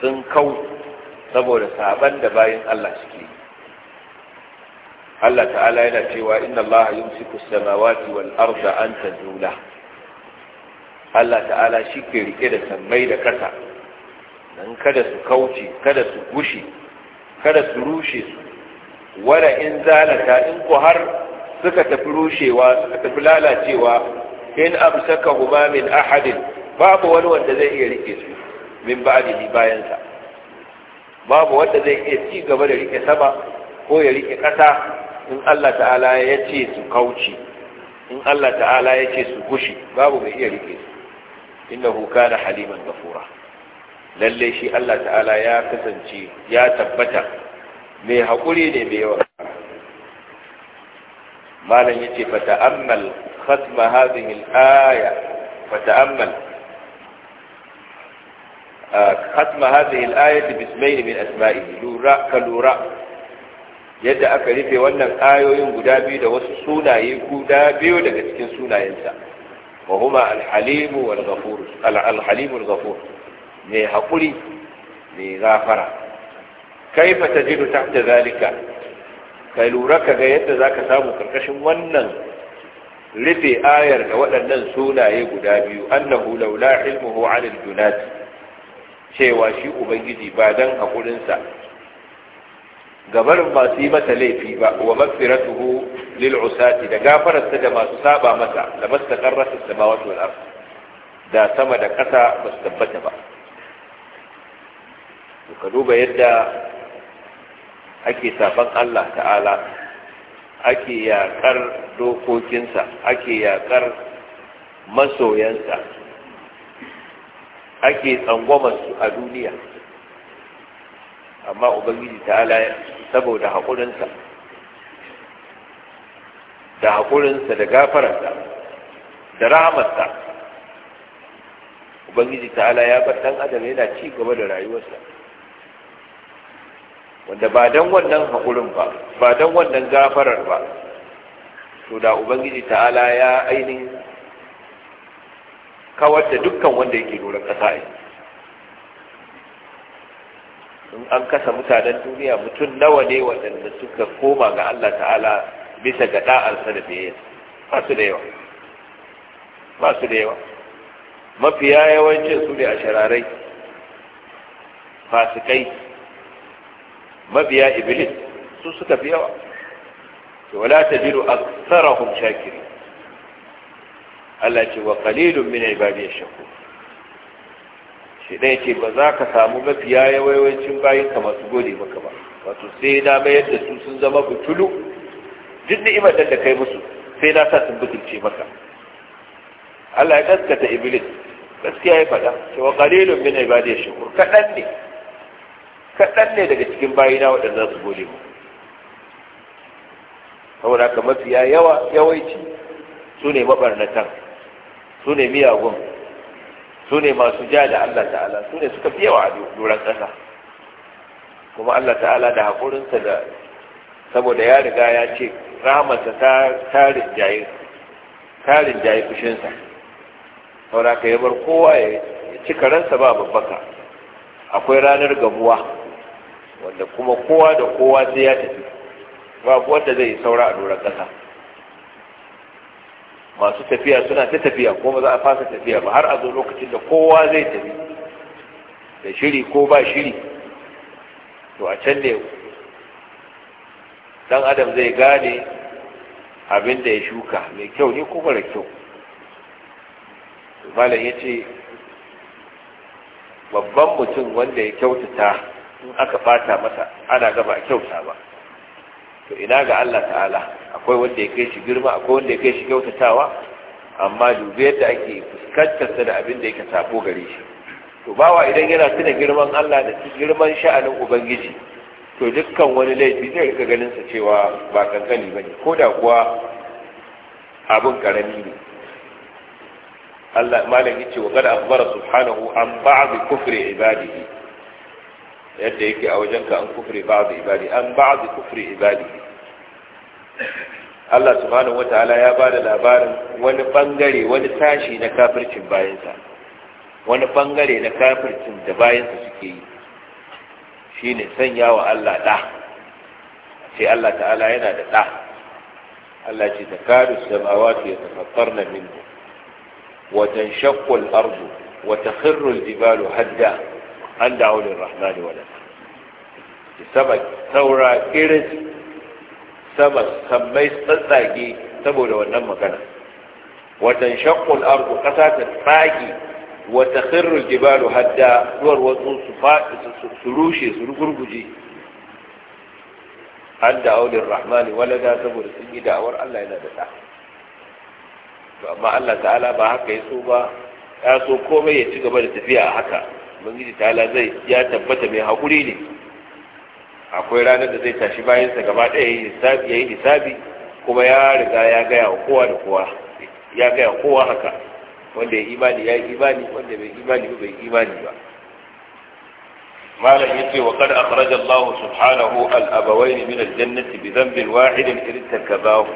Speaker 2: sun kau saboda saban da bayan Allah suke Allah ta'ala yana cewa inna Allah yumsiku samawati wal arda an tazula Allah ta'ala shi ke rike da sammai da kasa dan kada su kauce kada su gushi kada su rushe su wala in zalata in ku har suka tafi rushewa suka tafi lalacewa in amsaka huma min ahadin babu wani wanda zai iya rike su min ba'dihi bayansa babu wanda zai iya ci gaba da rike sama ko ya rike kasa in Allah ta'ala ya ce su kauci in Allah ta'ala ya ce su gushi babu mai iya rike su innahu kana haliman gafura lalle shi Allah ta'ala ya kasance ya tabbata mai haƙuri ne mai yawa malam yace fa ta'ammal khatma hadhihi al-aya fa ta'ammal ختم هذه الآية باسمين من أسمائه لورا كلورا yadda aka rufe wannan ayoyin guda biyu da wasu sunaye guda biyu daga cikin sunayensa wa huma alhalimu wal ghafur alhalimu wal ghafur mai hakuri mai gafara kaifa tajidu tahta zalika kai lura ka ga yadda zaka samu karkashin wannan rufe ayar da waɗannan sunaye guda biyu annahu laula ilmuhu cewa shi ubangiji ba dan haƙurinsa Gabar ba su yi mata laifi ba wa mafiratuhu lil usati da gafararsa da masu saba masa da mastaqarrat as-samawati wal ard da sama da ƙasa ba su tabbata ba to ka duba yadda ake saban Allah ta'ala ake yaƙar dokokinsa ake yakar masoyansa ake tsangwamar su a duniya amma ubangiji ta'ala saboda haƙurinsa da haƙurinsa da gafararsa da rahamarsa ubangiji ta'ala ya bar ɗan adam yana ci gaba da rayuwarsa wanda ba don wannan haƙurin ba ba don wannan gafarar ba to da ubangiji ta'ala ya ainihin kawar da dukkan wanda yake doron ƙasa yi. in an kasa mutanen duniya mutum nawa ne waɗanda suka koma ga Allah ta'ala bisa ga ɗa'arsa da biyayya Masu da yawa masu da yawa mafiya yawancin su ne a shirarai, fasikai mabiya iblis su suka fi yawa wala tajiru aktsarahum shakirin Allah ce wa qalilun min ya shakur shi dai ce ba za ka samu mafiya yawancin bayin ka masu gode maka ba wato sai na mayar da su sun zama butulu duk ni'imar da kai musu sai na sa sun butulce maka Allah ya gaskata iblis gaskiya ya faɗa ce wa qalilun min ya shakur kadan ne kadan ne daga cikin bayina waɗanda za su gode mu saboda ka mafiya yawa yawanci su ne mabarnatan su ne miyagun su ne masu ja da Allah ta'ala su ne suka fi yawa a doron ƙasa kuma Allah ta'ala da haƙurinsa da saboda ya riga ya ce ramarsa ta jayi kushinsa saura ka yabar kowa ya ci karansa ba babbaka akwai ranar gabuwa, wanda kuma kowa da kowa sai ya tafi babu wanda zai saura a doron ƙasa masu tafiya suna ta tafiya kuma za a fasa tafiya ba har a zo lokacin da kowa zai tafi da shiri ko ba shiri to a can ne dan adam zai gane abin da ya shuka mai kyau ne ko mara kyau malam ya ce babban mutum wanda ya kyautata in aka fata masa ana gaba a kyauta ba to ina ga Allah ta'ala akwai wanda ya kai shi girma akwai wanda ya kai shi kyautatawa amma dubi yadda ake fuskantarsa da abin da yake sako gare shi to bawa idan yana tuna girman Allah da girman sha'anin ubangiji to dukkan wani laifi zai rika ganin sa cewa ba kankani bane ko da kuwa abin karami ne Allah malam yace wa qad akhbara subhanahu an ba'd kufri ibadihi yadda yake a wajenka an kufri ba'd ibadi an ba'd kufri ibadi Allah subhanahu ya ba da labarin wani bangare wani tashi na kafircin bayansa wani bangare na kafircin da bayansa suke yi ne sanya wa Allah ɗa sai Allah ta'ala yana da ɗa Allah ce takadu samawati yatafattarna minhu wa tanshaqqu al-ardu wa takhirru al-jibalu hadda an da'u lir-rahmani walada sama saura irin sama sammai tsatsage saboda wannan magana watan shaqqul ardu qasa ta tsagi wa takhirru jibalu hadda duwar wasu su fadi su rushe su gurguje hadda aulir rahmani walada saboda sun yi da'awar Allah yana da da to amma Allah ta'ala ba haka ya so ba ya so komai ya ci gaba da tafiya a haka ubangiji ta'ala zai ya tabbata mai hakuri ne akwai ranar da zai tashi bayansa gaba ɗaya ya yi hisabi kuma ya riga ya gaya wa kowa da kowa ya gaya kowa haka wanda ya imani ya yi imani wanda bai imani ba bai imani ba malam yace wa qad akhraja Allah subhanahu al-abawayn min al-jannati bi dhanbin wahidin irtakabahu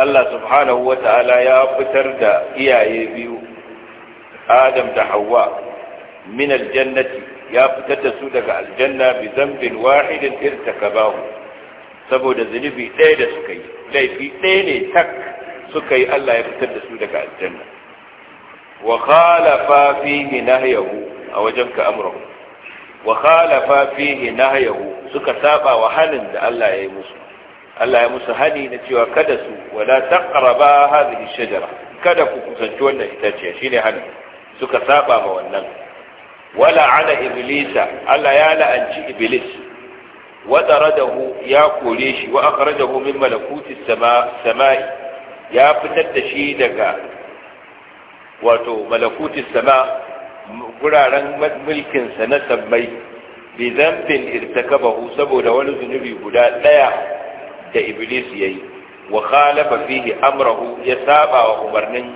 Speaker 2: Allah subhanahu wa ta'ala ya fitar da iyaye biyu Adam da Hawwa min al-jannati ya fitar da su daga aljanna bi zambin wahidin irtakabahu saboda zunubi ɗaya da suka yi laifi ɗaya ne tak suka yi Allah ya fitar da su daga aljanna wa khalafa fihi nahyahu a wajen ka amrahu wa khalafa fihi nahyahu suka saba wa hanin da Allah ya yi musu Allah ya musu hani na cewa kada su wala taqraba hadhihi shajara kada ku kusanci wannan itaciya shine hani suka saba ma wannan wala ana iblisa Allah ya la'anci iblis wa daradahu ya kore shi wa akhrajahu min malakuti samai ya fitar da shi daga wato malakuti sama guraren mulkin sa na sabbai bi zambin irtakabahu saboda wani zunubi guda daya da iblis yayi wa khalafa fihi amrahu ya saba wa umarnin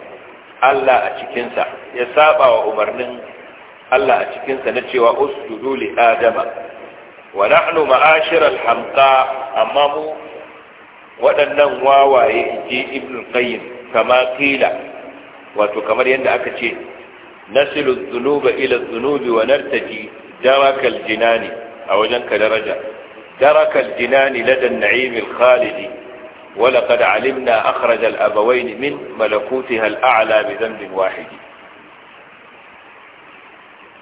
Speaker 2: Allah a cikinsa. ya saba wa umarnin Allah a cikinsa na cewa usjudu li adama wa nahnu ma'ashiral hamqa amma mu waɗannan wawaye ji ibn qayyim kama qila wato kamar yadda aka ce nasilu dhunuba ila dhunubi wa nartaji darakal jinani a wajen ka daraja darakal jinani ladan na'imil khalidi ولقد علمنا أخرج الأبوين من ملكوتها الأعلى بذنب واحد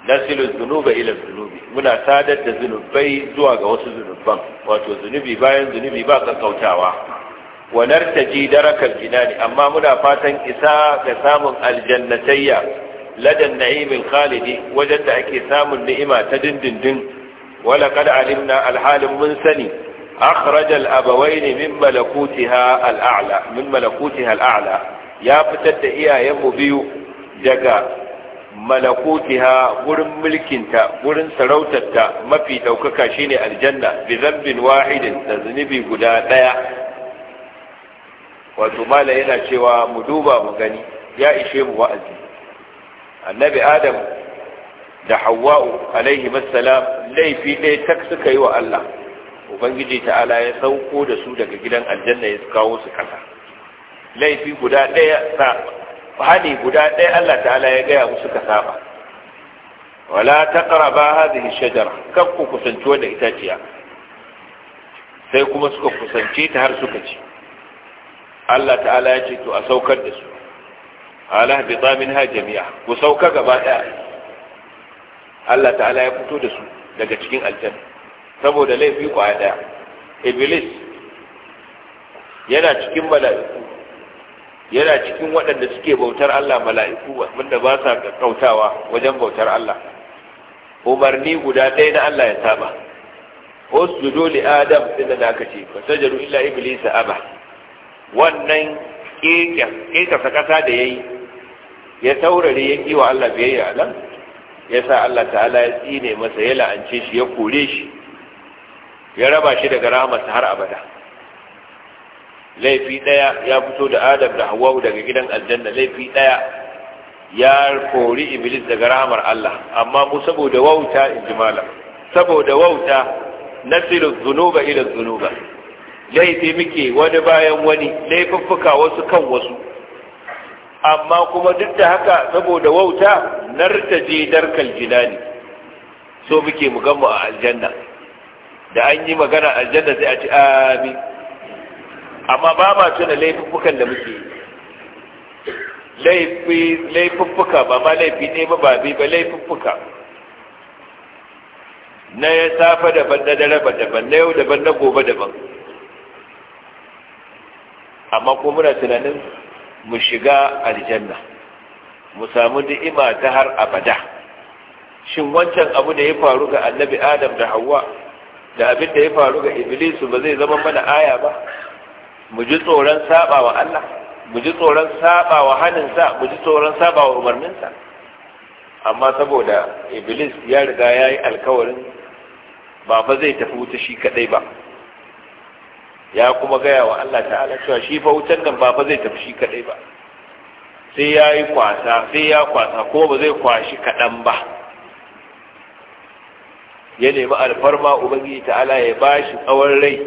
Speaker 2: nasilu zunuba ila zunubi muna sadar da zunubai zuwa ga wasu zunuban wato zunubi bayan zunubi ba kakkautawa wa nartaji darakal jinani amma muna fatan isa ga samun aljannatayya ladan na'imin khalidi wajen da ake samun ni'ima ta dindindin wala kad alimna alhalin mun sani akhraj al-abawayn min malakutiha al-a'la al-a'la ya fitar da iyayen mu biyu daga malakutiha gurin mulkinta gurin ta, mafi ɗaukaka shine aljanna bi zambin wahidin da zunubi guda ɗaya wato mala yana cewa mu duba mu gani ya ishe mu wa'azi annabi adam da hawwa'u alaihi salam laifi ɗaya tak suka yi wa allah ubangiji ta'ala ya sauko da su daga gidan aljanna ya kawo su kasa laifi guda ɗaya hani guda ɗaya Allah ta'ala ya gaya musu ka saba wala taqraba hadhihi shajara kan ku kusanci wannan itaciya sai kuma suka kusance ta har suka ci Allah ta'ala ya ce to a saukar da su ala bi minha jami'a ku sauka gaba ɗaya Allah ta'ala ya fito da su daga cikin aljanna saboda laifi a ɗaya iblis yana cikin mala'iku yana cikin waɗanda suke bautar Allah mala'iku wanda ba sa kautawa wajen bautar Allah umarni guda ɗaya na Allah ya saba usjudu li adam din da aka ce ta sajadu illa iblisa aba wannan keka sa kasa da yayi ya taurare ya wa Allah biyayya alam ya sa Allah ta'ala ya tsine masa ya la'ance shi ya kore shi ya raba shi daga rahamarsa har abada laifi ɗaya ya fito da adam da hawawu daga gidan aljanna laifi ɗaya ya kori iblis daga rahamar Allah amma mu saboda wauta in ji saboda wauta nasiru zunuba ila zunuba laifi muke wani bayan wani laifuffuka wasu kan wasu amma kuma duk da haka saboda wauta nartaje darkal jinani so muke mu gamu a aljanna da an yi magana aljanna sai a ci amin amma ba ma tuna laifuffukan da muke laifi laifuffuka ba ma laifi ne ba ba bi ba laifuffuka na ya safa daban na dare daban na yau daban na gobe daban amma ko muna tunanin mu shiga aljanna mu samu ni'ima ta har abada shin wancan abu da ya faru ga annabi adam da hawa da abin da ya faru ga iblisu ba zai zama mana aya ba mu ji tsoron saba wa Allah mu ji tsoron saba wa haninsa mu ji tsoron saba wa umarninsa amma saboda iblis ya riga ya yi alkawarin ba fa zai tafi wuta shi kadai ba ya kuma gaya wa Allah ta'ala cewa shi fa wutan nan ba fa zai tafi shi kadai ba sai ya yi kwasa sai ya kwasa ko ba zai kwashi kadan ba ya nemi alfarma ubangiji ta'ala ya bashi tsawon rai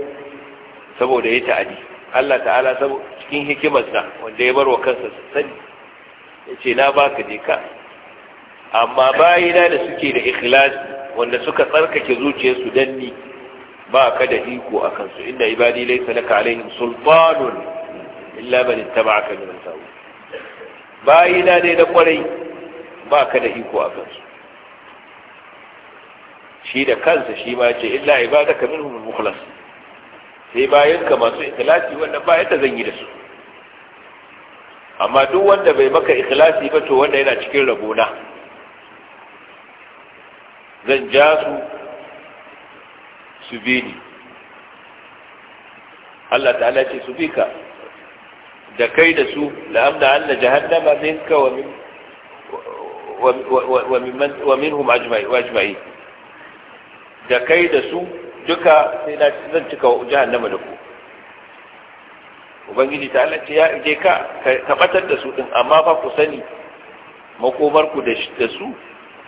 Speaker 2: saboda ya ta'adi Allah ta'ala sabo cikin hikimarsa wanda ya bar wa kansa sani ya ce na baka je ka amma bayina da suke da ikhlasi wanda suka tsarkake zuciyarsu dan ni ba ka da iko a kansu inda ibadi laysa laka alaihim sultanun illa man ittaba'aka min al-sawi bayina dai na kwarai ba ka da iko a kansu shi da kansa shi ma ce illa ibadaka minhum al-mukhlasin sai bayan ka masu ikhlasi wannan ba yadda zan yi da su amma duk wanda bai maka ikhlasi ba to wanda yana cikin rabona zan ja su su bini Allah Allah ta'ala ce su bi ka da kai da su la'amna anna jahannama minka wa min wa min wa minhum ajma'i da kai da su duka sai na zan cika jahannama da ku ubangiji ta halarci ya je ka ka batar da su din amma ba ku sani makomar ku da su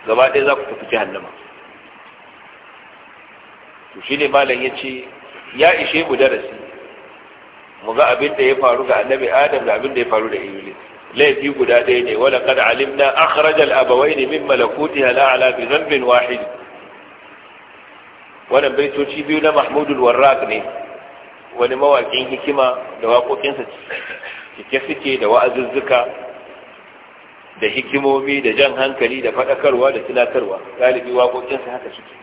Speaker 2: gaba ɗaya za ku tafi jahannama to shine malam yace ya ishe mu darasi mu ga abin da ya faru ga annabi adam da abin da ya faru da iblis laifi guda ɗaya ne wala kad alimna akhrajal abawaini min malakutiha la ala bi dhanbin wahid wannan baitoci biyu na mahmudul warraq ne wani mawaƙin hikima da waƙoƙinsa cike suke da wa'azuzzuka da hikimomi da jan hankali da faɗakarwa da tunatarwa galibi waƙoƙinsa haka suke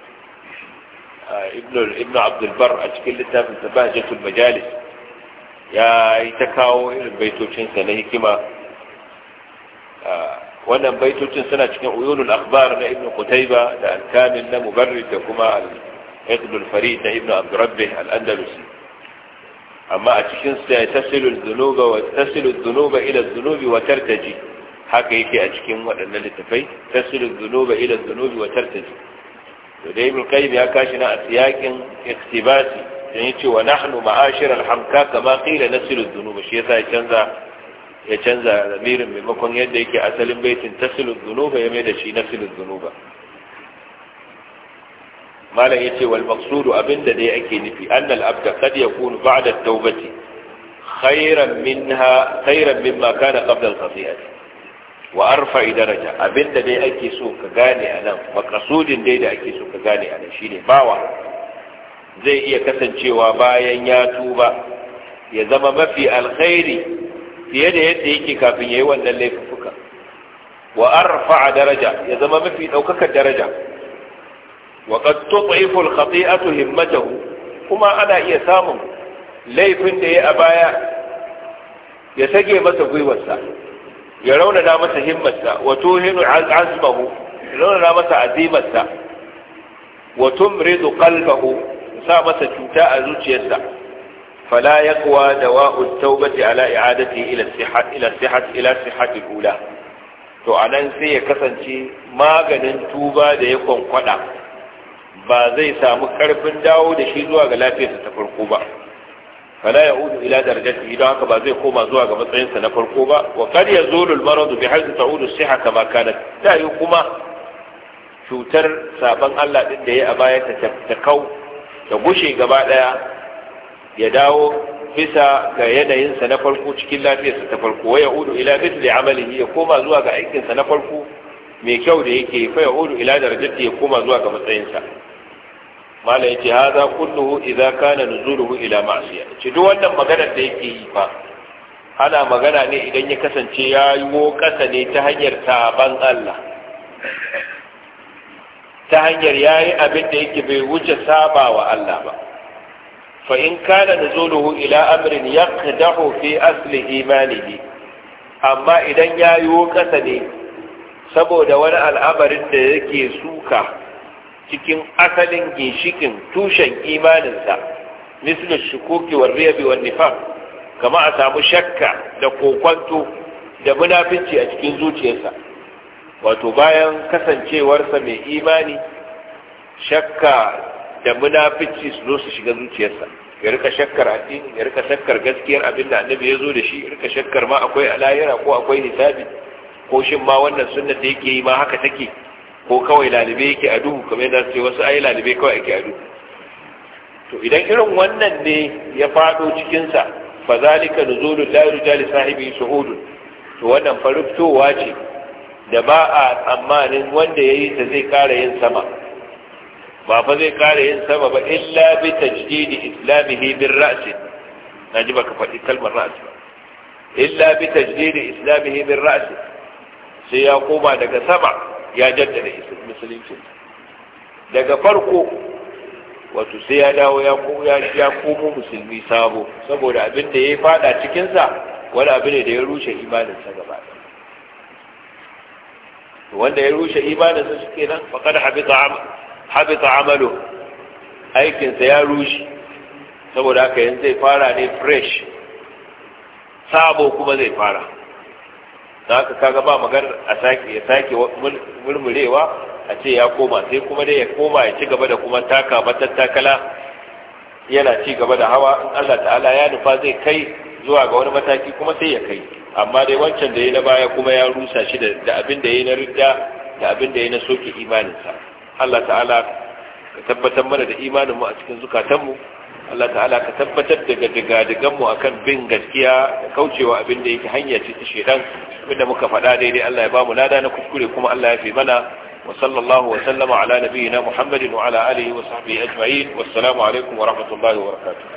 Speaker 2: ibn abdulbar a cikin littafin sabajatul majalis ya yi ta kawo irin baitocinsa na hikima wannan baitocin suna cikin uyunul akhbar na Ibnu Kutaiba da Alkamin na mubarrid da kuma iqdul farid da ibnu abdurrabbih al-andalusi amma a cikin sa ya tasilu dhunuba wa tasilu dhunuba ila dhunubi wa tartaji haka yake a cikin waɗannan littafai tasilu dhunuba ila dhunubi wa tartaji to da ibnu qayyim ya kashi na asiyakin iktibasi dan yace wa nahnu ma'ashir al-hamka kama qila nasilu dhunuba shi yasa ya canza ya canza lamirin maimakon yadda yake asalin baitin tasilu dhunuba ya mai da shi nasilu dhunuba malam yace wal maqsudu abinda dai ake nufi annal abda kad yakun ba'da tawbati khairan minha khairan mimma kana qabla al-khati'ati wa arfa daraja abinda dai ake so ka gane anan maqsudin dai da ake so ka gane anan shine bawa zai iya kasancewa bayan ya tuba ya zama mafi alkhairi fiye da yadda yake kafin yayi wannan laifuka. wa arfa daraja ya zama mafi daukakar daraja wa qad tud'ifu al himmatahu kuma ana iya samun laifin da ya a baya ya sage masa gwiwarsa ya raunana masa himmarsa wa tuhinu azmahu ya raunana masa azimarsa wa tumridu qalbahu sa masa cuta a zuciyarsa fala yaqwa dawa'u tawbati ala i'adati ila to anan sai ya kasance maganin tuba da ya kwankwada ba zai samu karfin dawo da shi zuwa ga lafiyarsa ta farko ba fala ya'udu ila haka ba zai koma zuwa ga matsayinsa na farko ba wa ya zo al-maradu bi haythu ta'udu siha kama kanat ta yi kuma cutar saban Allah din da ya a baya ta ta kau ta gushe gaba daya ya dawo bisa ga yanayinsa na farko cikin lafiyarsa ta farko wa ya'udu ila mithli amalihi ya koma zuwa ga aikinsa na farko mai kyau da yake fa ya'udu ila darajatihi ya koma zuwa ga matsayinsa mala yace hadha kulluhu idza kana nuzuluhu ila ma'siya ci duk wannan maganar da yake yi fa ana magana ne idan ya kasance ya yiwo kasa ne ta hanyar taban Allah ta hanyar yayi abin da yake bai wuce saba wa Allah ba fa in kana nuzuluhu ila amrin yaqdahu fi asli imanihi amma idan ya yiwo kasa ne saboda wani al'amarin da yake suka cikin asalin ginshikin tushen imaninsa misli shukuki wa riyabi wa nifaq kama a samu shakka da kokwanto da munafici a cikin zuciyarsa wato bayan kasancewarsa mai imani shakka da munafici su zo su shiga zuciyarsa ya rika shakkar addini ya rika shakkar gaskiyar abin da annabi ya zo da shi ya rika shakkar ma akwai alayira ko akwai nisabi ko shin ma wannan sunna da yake yi ma haka take ko kawai lalibe yake a duhu kamar yadda ce wasu ai lalibe kawai yake a duhu to idan irin wannan ne ya fado cikin sa fa zalika nuzulul la yurjali sahibi suhudun to wannan farftowa ce da ba a tsammanin wanda yayi ta zai kara yin sama ba fa zai kara yin sama ba illa bi tajdidi islamihi bir ra's naji baka faɗi kalmar ra's ba illa bi tajdidi islamihi bir ra's sai ya koma daga sama ya jaddada musulunci daga farko wato sai ya dawo ya ya komo musulmi sabo saboda abin da ya fada cikinsa wani abin da ya rushe imaninsa gaba wanda ya rushe imaninsa shi kenan faƙar habita amalo aikinsa ya rushe saboda haka yanzu zai fara ne fresh sabo kuma zai fara don haka kaga ba maganar a sake ya sake murmurewa a ce ya koma sai kuma dai ya koma ya ci gaba da kuma taka matattakala yana ci gaba da hawa in Allah ta'ala ya nufa zai kai zuwa ga wani mataki kuma sai ya kai amma dai wancan da ya na baya kuma ya rusa shi da abin da ya na ridda da abin da ya na soke imaninsa Allah ta'ala ka tabbatar mana da imaninmu a cikin zukatanmu Allah ta'ala ka tabbatar daga digadiganmu mu akan bin gaskiya da kaucewa abin da yake hanyar ci shedan abinda muka faɗa daidai Allah ya bamu mu lada na kuskure kuma Allah ya fi mana wa sallallahu wa sallama ala nabiyyina Muhammadin wa ala alihi wa sahbihi ajma'in wassalamu alaikum wa rahmatullahi wa barakatuh